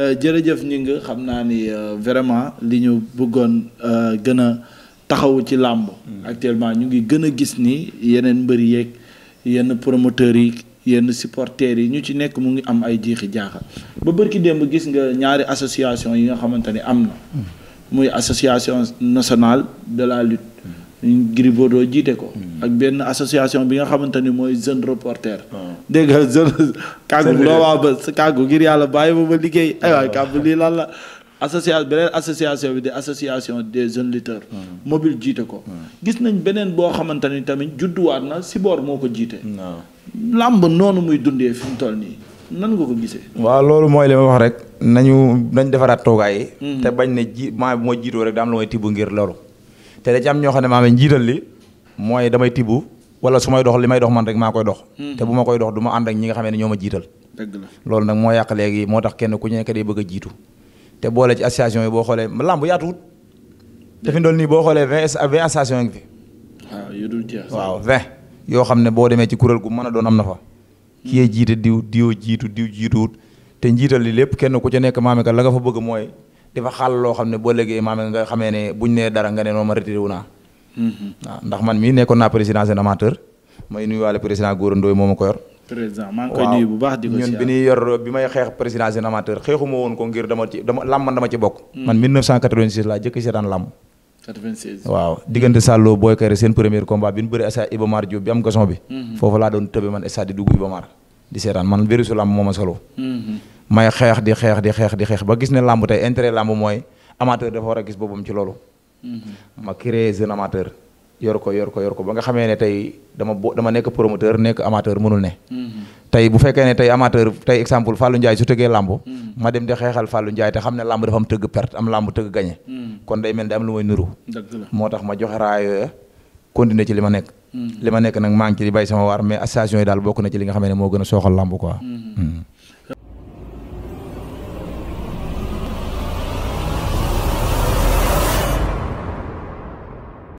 Euh, jërëjëf ñi nga xam naa ni euh, vraiment li ñu bëggoon euh, gën a taxawu ci làmb mm. actuellement ñu ngi gën a gis ni yeneen mbër yeeg yenn promoteurs yi yenn supporters yi ñu ci nekk mu ngi am ay jiixi jaaxal ba bërki démb gis nga ñaari association yi nga xamante ni am na mm. muy association nationale de la lutte mm. Gris Bordeaux jiite ko ak benn association bi nga xamante ni mooy jeune reporter. Ah. dégg nga jeune. kàggu loo waa ba kàggu yàlla bàyyi ma ba liggéey ah. ay waay lan la. association beneen association bi di association des jeunes lutteurs. Ah. mobile jiite ko. gis nañ beneen boo xamante ni tamit judduwaat na Sibor moo ko jiite. làmb noonu muy dundee fi mu toll nii nan waaw loolu mooy li ma wax rek nañu nañ defaraat toogaay hmm. te bañ ne ji maa moo jiitoo rek daa am lu tibb ngir loolu. te da ci ñoo xam ne maa ngi jiital li mooy damay tibb wala su may dox li may dox man rek maa koy dox. Hmm. te bu ma koy dox du ma ànd ak ñi nga xamee ne ñoo ma jiital. dëgg loolu nag moo yàq léegi moo tax kenn ku nekk day bëgg a jiitu te boole ci association yi boo xoolee làmb yaatuwut. te fi mu nii boo xoolee vingt vingt association yi ngi fi. xam ne boo demee ci kuréel gu mën a doon am na fa. kii jiite diw diw jiitu diw jiituwut te njiital li lépp kenn ku ci nekk maame ka la nga fa bëgg mooy dafa xaal loo xam ne boo léegi maame nga xamee ne buñ nee dara nga ne noonu ma retiré wu naa waaw ndax man mii nekkoon naa président seen amateur may nuyuwaale président Gora Ndoye moo ma ko yor. président maa ngi koy nuyu bu baax di ko ñun bi ñuy yor bi may xeex président seen amateur xeexuma woon ko ngir dama ci dama làmm man dama ci bokk. Mm. man 1986 laa jëkk si daan làmm. 96 waaw diggante Salloo Boy Kayre seen premier combat bi ñu bëri am gason bi. Mm-hmm. foofu laa doon tëbe man stade di dugg Iba di seetaan man virusu làmb moo ma solo. Mm-hmm. may xeex di xeex di xeex ba gis ne làmb tey intérêt làmb mooy amateur dafa war a gis Mm-hmm. ma créé jeune amateur. yor ko yor ko yor ko ba nga xamee ne tey dama bo dama nekk promoteur nekk amateur mënul ne. Mm-hmm. tey bu fekkee ne tey amateur tey exemple Fallou Ndiaye su tëggee lamb. Mm-hmm. ma dem di xeexal Fallou Ndiaye te xam ne lamb dafa am tëgg perte am lamb tëgg gagné. kon day mel ne am lu may nuru. moo tax ma joxe raaya yooya ci li ma nekk. li ma nekk nag maa ngi ci di bay sama waar mais association yi daal bokk na ci li nga xam ne moo gën a sooxal lamb quoi.